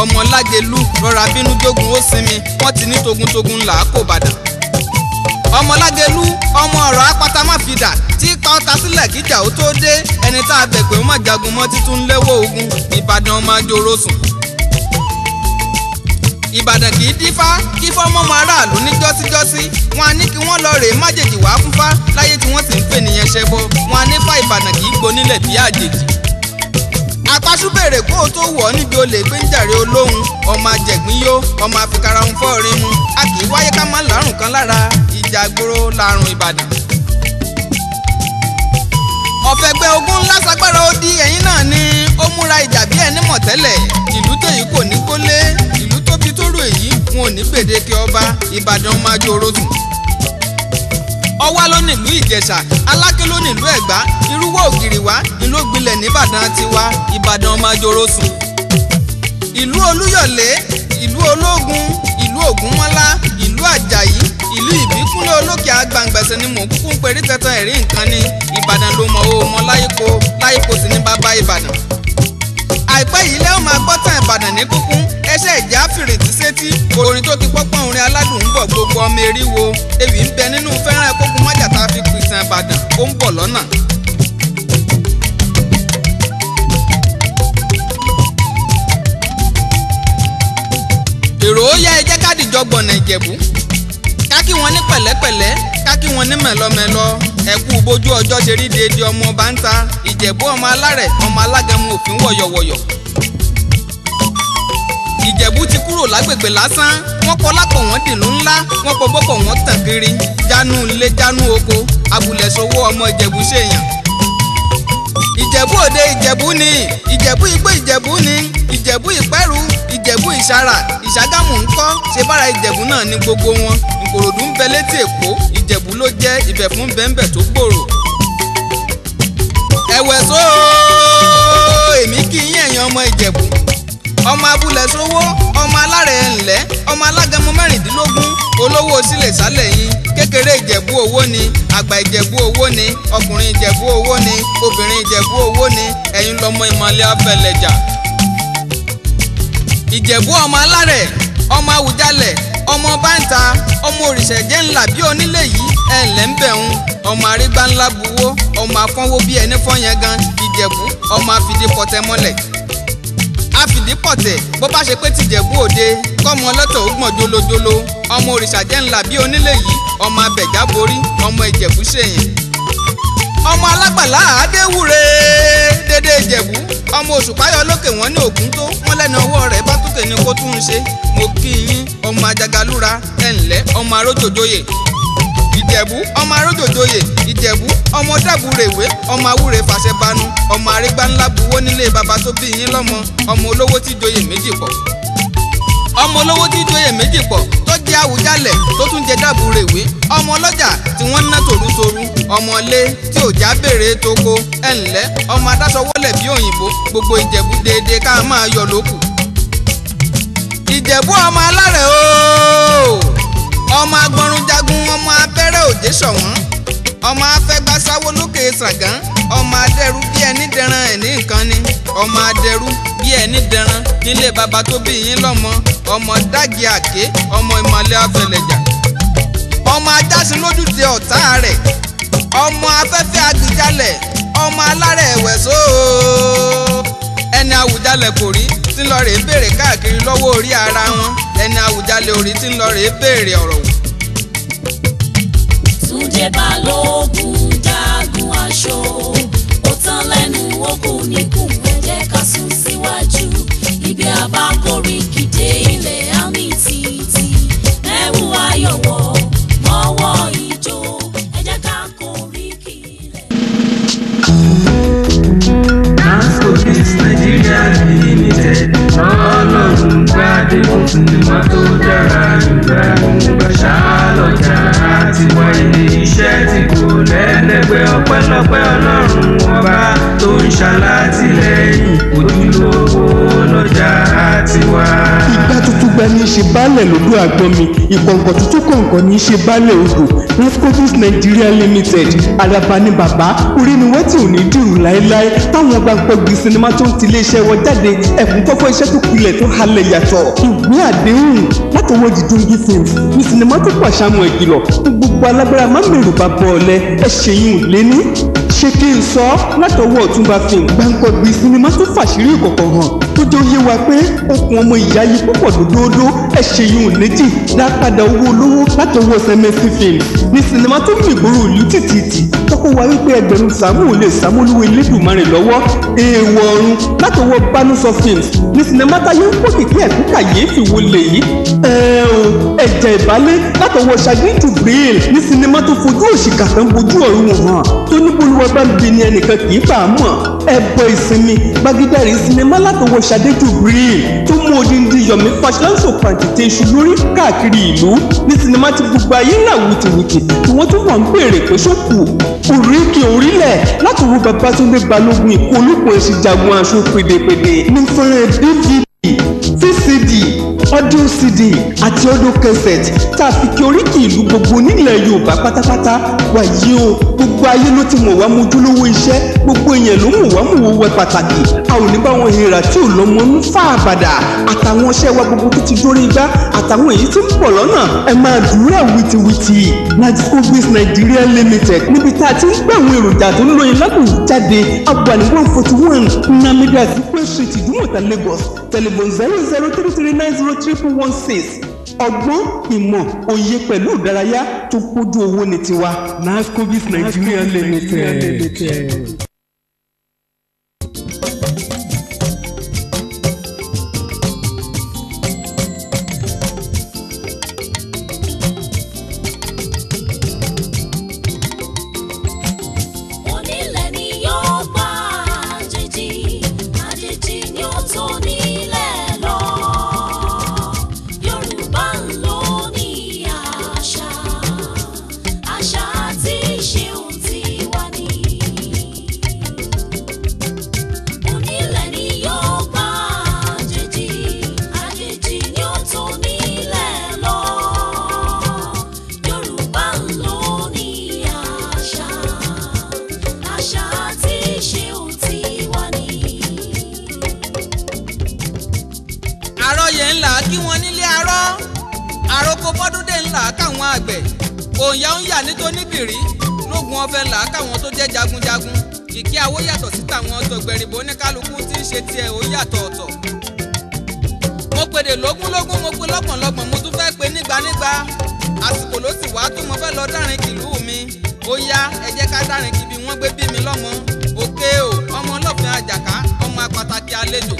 ọmọ lájẹlú rọra bínú jogun ó sinmi wọ́n ti ní togun-togun là á kò bàdàn. ọmọ lájẹlú ọmọ ọ̀rọ̀ apáta má fi dà tí kọ́ta sílẹ̀ kíjà ó tó dé ẹni tá a bẹ̀ pé ó má jagun mọ́ títún léwó ogun ìbàdàn máa joro sùn. ìbàdàn kì í dífá kí fọ́mọ́mọ́ aráàlú ní jọ́síjọ́sí wọn a ní kí wọ́n lọ rèé májèjì wá fúnfá láyé tí wọ́n sì ń pè nìyẹn ṣẹbọ wọn a nífà ìbàdàn kì í gbónílẹ̀ bí àjèjì apáṣú bèrè kó o tó wọ̀ ọ́ níbi olè gbé ń jàre olóhùn ọmọ àjẹ̀gbín yó ọmọ àfikara ń fọ́ọ̀rin mu a kì í wáyé ká má lárùn kan lára ìjà gbòòrò lárùn ìbàdàn. ọ̀fẹ́gbẹ́ ogun ńlá ó di ẹ̀yìn náà ni ó múra ìjà bí ẹni mọ̀ tẹ́lẹ̀ ìlú tèyí kò ní kólé ìlú tóbi tó rò èyí wọn ò ní gbèdéke ọba ìbàdàn máa jòrò sùn ọwá ló nílùú ìjẹ̀ṣà aláké ló nílùú ẹ̀gbá irúwọ́ ògiri wá ìlú gbilẹ̀ nìbàdàn tiwa ìbàdàn máa joro sùn. ìlú olúyọ̀lé ìlú ológun ìlú ògúnmọ́lá ìlú àjàyí ìlú ìbíkúnlẹ̀ olókè àgbàǹgbẹ̀sẹ̀ ni mò ń kúkú ń perí tẹ́tàn ẹ̀rí nǹkan ní ìbàdàn ló mọ̀ ó mọ láyípo láyípo sì ní bàbá ìbàdàn àìpẹ́ yìí lẹ́wọ̀n máa gbọ́ tàn ìbàdàn ní kúkún ẹṣẹ́ ìjà fìrìtì sétí orin tó ti pọ́pọ́n orin aládùn ń bọ̀ gbogbo ọmọ eré wo ewì ń bẹ nínú fẹ́ràn kókun mọ́jà tá a fi pè tàn ìbàdàn ó ń bọ̀ lọ́nà. èrò ó yá ẹ jẹ́ ká ká kí wọn ní pẹ̀lẹ́pẹ̀lẹ́ ká kí wọn ní mẹ̀lọ́mẹ̀lọ́ ẹ̀kú bójú ọjọ́ ṣe rí déédéé ọmọ ọba ń ta ìjẹ̀bú ọmọ alárẹ̀ ọmọ alágẹ̀mú òfin wọ̀yọ̀wọ̀yọ̀. ìjẹ̀bú ti kúrò lágbègbè lásán wọ́n kọ́ lápò wọ́n dìlú ńlá wọ́n pọ̀ bọ́kọ̀ wọ́n tàn kiri jánú ilé jánú oko abùlẹ̀ sowó ọmọ ìjẹ̀bú ṣèyàn. ìjẹ̀bú òde ìjẹ̀bú ni ìjẹ̀bú igbó ìjẹ̀bú ni ìjẹ̀bú ìpẹ́rù ìjẹ̀bú ìṣàrà ìṣàgámù ńkọ́ ṣe bára ìjẹ̀bú náà ní gbogbo wọn ìkòròdú ń bẹ létí èkó ìjẹ̀bú ló jẹ́ ìbẹ̀fún bẹ́ńbẹ̀ tó gbòòrò. ẹ̀wẹ̀ só èmi kí yín ẹ̀yin ọmọ ìjẹ̀bú ọmọ abúlé sówó ọmọ alára ẹ̀ńlẹ́ ọmọ alágẹmọ mẹ́rìndínlógún olówó sílẹ̀ sálẹ̀ yín kékeré ìjẹ̀bú owó ni àgbà ìjẹ̀bú owó ni ọkùnrin ìjẹ̀bú owó ni obìnrin ìjẹ̀bú owó ni ẹ̀yin lọmọ ìmọ̀lẹ́ abẹ́lẹ̀jà ìjẹ̀bú ọmọ alárẹ̀ ọmọ àwùjalẹ̀ ọmọ báńtà ọmọ òrìṣẹ̀jẹ̀ ńlá bí onílé yìí ẹ̀ ńlẹ́ ń bẹ̀ ń ọmọ arígbá ńlá buwó ọmọ afọ́nwó bí ẹni fọ́yẹn gan ìjẹ̀bú ọmọ àfìdí pọ̀tẹ́ mọ́lẹ̀ àfìdí pọ̀tẹ́ bó bá ṣe pé tìjẹ̀bú òde kọ́mọ ọlọ́tọ̀ ó gbọ̀n dolodolo ọmọ òrìṣàjẹ́ ńlá bí onílé yìí ọmọ abẹ̀já borí ọmọ ìjẹ̀bú ṣèyìn ọmọ alágbàlá àádéwúre dédé ìjẹ̀bú ọmọ oṣù páyọ lókè wọn ní ògún tó wọn lẹ́nu ọwọ́ rẹ̀ bá tókè ní kó tún un ṣe mo kí yín ọmọ ajagalúra ẹnlẹ́ ọmọ arójòjòyè ìjẹ̀bú ọmọ arójòjòyè ìjẹ̀bú ọmọ dàbúrèwé ọmọ awúre fàṣẹbanu ọmọ arígbáńlá buwó nílé baba tó bí yín lọ́mọ ọmọ olówó tí joyè méjì pọ̀ ọmọ olówó tí joyè méjì pọ̀ jẹ́ Àwùjalẹ̀ tó tún jẹ́ dàbúrèwé ọmọ ọlọ́jà tí wọ́n ná tòrútorú ọmọ ilé tí ò já béèrè toko ẹ̀ǹlẹ́ ọmọ adásọwọ́lẹ̀ bí òyìnbó gbogbo Ìjẹ̀bú déédéé ká máa yọ lókù. Ìjẹ̀bú ọmọ alárẹ̀ ooo ọmọ agbọrunjagun ọmọ abẹ́rẹ́ òjé ṣọ̀wọ́n ọmọ afẹ́gbásáwó lókè sàgán ọmọ adẹ́rú bí ẹni dẹran ẹ̀ní nǹkan ni ọmọ adẹ́rú bí ẹni dẹran nílé bàbá tó bí yín lọ́mọ ọmọ dági àké ọmọ ìmọ̀lẹ́ afẹlẹ̀jà ọmọ ajásin lójúde ọ̀tá rẹ̀ ọmọ afẹ́fẹ́ àgbìjalẹ̀ ọmọ alárẹ̀ ẹ̀wẹ̀só ẹni àwùjalẹ̀ kò rí tí ń lọ rèé béèrè káàkiri lọ́wọ́ orí ara wọn ẹni àwùjalẹ̀ orí tí lọ rèé béèrè ọ̀rọ̀ wò. Túnjí Balógun dáa aṣọ ó tán lẹ́nu ogun níkùn ẹ jẹ́ ká sún síwájú ibi àbá kórìkìdé ilẹ̀ àmì tìtì ayọ̀wọ̀. dúpẹ́ ọlọ́run ọba tó ń ṣàlátìlẹ́yìn ojúlówó lọ́jà tiwa. ìgbà tuntun gba ní í ṣe baálẹ̀ lódò àgbọn ìkọ̀ǹkọ̀ tuntun kọ̀ǹkọ̀ ní í ṣe baálẹ̀ odò rafcodis nigeria limited Alabani baba. bàbá orí ni wọ́n ti ò ní dìrù láéláé táwọn agbáǹpọ̀gbìn sinimá tó ń tiléeṣẹ́ wọn jáde ẹ̀kún kọ́kọ́ iṣẹ́ tó pilẹ̀ tó halẹ̀ yàtọ̀ ìwé àdéhùn látọwọ́ dídúngí films ní sinimá tó pàṣàmù ẹ̀gìlọ̀ gbogbo alágbára má mèrò bá bọ̀ ọ̀lẹ ẹ̀ṣẹ̀yìn ò lé ní ṣé kí n sọ látọwọ́ ọ̀túnba fíìmù gbàǹkọ̀gbì sinimá tó fàṣírí ìkọ̀kọ̀ hàn tó jẹ́ oyé wa pé okùn ọmọ ìyá yìí púpọ̀ dòdòdó ẹ̀ ṣe yun létí dápadà owó olówó látọwọ́ sẹ́mẹ́sì fíìmù ní sinimá tó mìgbòrò ìlú tìtìtì kọ́ wa wípé ẹgbẹ̀rún sàmúù lè sàmúlùwẹ̀ lẹ́dùnmarè lọ́wọ́ èèwọ̀ ọ̀run látọwọ́ Banuso Films ní sinimátà yóò pọ̀ kìkẹ́ ẹ̀kú kàyéfì wo lèyí ẹ̀jẹ̀ ìbálẹ̀ látọwọ́ Chagrin to Grill ní sinimá tó fojú òṣìkà kan bojú ọ̀run hàn tó ní bolúwa bá ń bi ni ẹnìkan kì í fà á mọ̀ ẹ̀bọ ìsinmi gbagidẹ́rì sinimá látọwọ́ Chagrin to Grill tó mú odindi Yomi Fasilánso pàǹtìtì iṣu lórí káàkiri ìlú ní sinimá ti gbogbo ayé là wìtìwìtì tí wọ́n tún wọ́n ń béèrè pé ṣó kù oríkì orílẹ̀ látòwò bàbá tó ń gbé balógun ìkólúpọ̀ èsì jagun aṣọ pédepéde ní fẹ́rẹ̀ david ọdún cd àti ọdún cassette tá a fi kí oríkì ìlú gbogbo nílẹ̀ yorùbá pátápátá wàyí o gbogbo ayé ló ti mọ̀ wá mojúlówó iṣẹ́ gbogbo èèyàn ló mọ̀ wá mọ̀ wọ́wẹ́ pàtàkì a ò ní bá wọn ìrà tí ò lọ́mọ ń fà àbàdà àtàwọn ọṣẹ́ wa gbogbo tó ti dórí igbá àtàwọn èyí tí ń bọ̀ lọ́nà ẹ máa dúrà wìtìwìtì Lajecobiz Nigeria Limited níbi tá a ti ń gbà àwọn èròjà tó ń lóyin lákòójáde agbani one forty one nnamdi àti Railway Street Ìdúmọ̀tà Lagos telephone zero zero three three nine zero three four one six ọgbọ́n ìmọ̀ òye pẹ̀lú ìdárayá tó kójú owó ní tiwa. nascobis Nigeria Limited. mo bọ́dún dé ńlá káwọn àgbẹ̀ òǹyà ń yà nítoníbìrí lógun ọ̀fẹ́ ńlá káwọn tó jẹ́ jagunjagun kìkì àwo yàtọ̀ sí tàwọn tọ̀gbẹ̀rìnbó ní kálukú tí ń ṣe tiẹ̀ ó yàtọ̀ ọ̀tọ̀. mo pèdè lógúnlógún mo pe lọ́gbọ̀nlọ́gbọ̀n mo tún fẹ́ pe nígbanígba àsìkò ló sì wá tó mo fẹ́ lọ dárin kìlú mi ó yá ẹ jẹ́ ká dárin kìbi wọ́n gbé bí mi lọ́mọ òkè o ọmọ ọlọ́fin àjàká ọmọ apàtàkì àlejò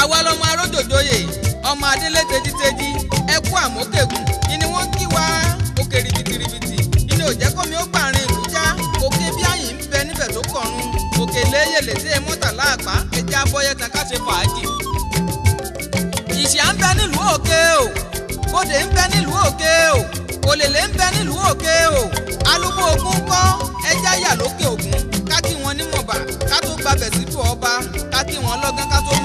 àwa lọmọ arójòjòyè ọmọ adélé tejiteji ẹkú àmókègùn yìí ni wọ́n kí wá òkè ribitibiti yìí ni òjẹ́ kọ́mi ó gbàrin ìlú já òkè bí àyìn ń bẹ níbẹ̀ tó kọ̀run òkè léyèlè sí mọ́tàlá àpá ẹja abọ́yẹ tán ká ṣe fàájì. ìṣà ń bẹ nílùú òkè o bòdè ń bẹ nílùú òkè o òlèlè ń bẹ nílùú òkè o alúgbó ogun kọ́ ẹja yà lókè òkun.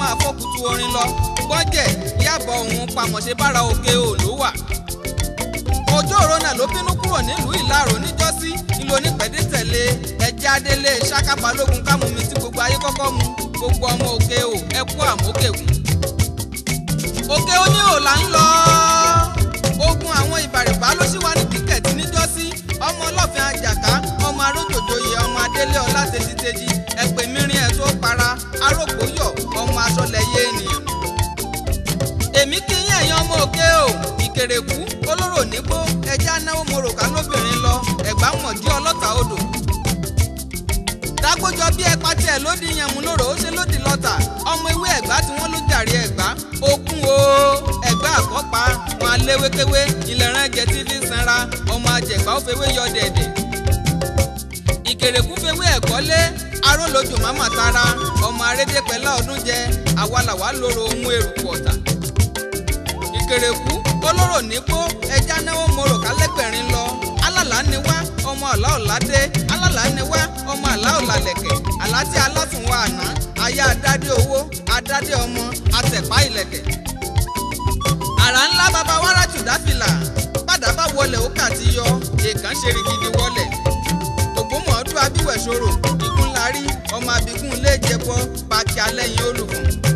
máa fọ́kùtù orin lọ gbọ́jẹ̀ yàbọ̀ òun pamọ̀ṣe bára òkè òòló wà. Òjó ló bínú kúrò nílùú Ìlarò níjọ́sí ìlú onípẹ̀dẹ́tẹ̀lé ẹ̀jẹ̀ adélé ṣáká balógun tí gbogbo ayé kọ́kọ́ mu gbogbo ọmọ òkè o ẹ kú òkè oníhò là ń lọ ogun àwọn ìbàrìbá ló ṣì wá ní kíkẹ̀tì níjọ́sí ọmọ ọlọ́fin àjàká ọmọ arójòjòyè ọmọ adélé ọlá tejiteji ẹ̀pẹ̀ mìíràn ẹ̀ tó para arókù. yé o ìkèrèkú olóró nígbó ẹja náwó moro ká lóbìnrin lọ ẹ̀gbá mọ̀gí ọlọ́ta odò. dágbójọ bí ẹpa tiẹ̀ lódì yẹmu lóró ó ṣe lódì lọ́tà ọmọ ewé ẹ̀gbá tí wọ́n ló jàre ẹ̀gbá okun o ẹ̀gbá àkọ́pa wọn aléwékéwé ìlẹ̀rán ẹ̀jẹ̀ tí fi sanra ọmọ àjẹgbá ó fewé yọ dẹ̀dẹ̀. ìkèrèkú fewé ẹ̀kọ́lé arólójò máma tara ọmọ arédèpẹ́lá ọdún jẹ àwalàwá lóró ohun èrò pọ̀tà kèrèkú olóró nípò ẹja náwó moro kálẹ́gbẹ̀rin lọ alálà ni wá ọmọ àlá ọ̀ládé alálà ni wá ọmọ àlá ọ̀làlẹ̀kẹ̀ àlátí alátùnwá àná aya adádé owó adádé ọmọ atẹ̀pá ìlẹ̀kẹ̀. àrà ńlá baba wàrà tùdá fìlà padà bá wọlé ó kà ti yọ èèkàn ṣe rí gidi wọlé tògbómọ̀ọ́dún abíwẹ̀ṣòro ìkúnlarí ọmọ abikún ilé ìjẹbọ pàkí alẹ́yìn olùkùn.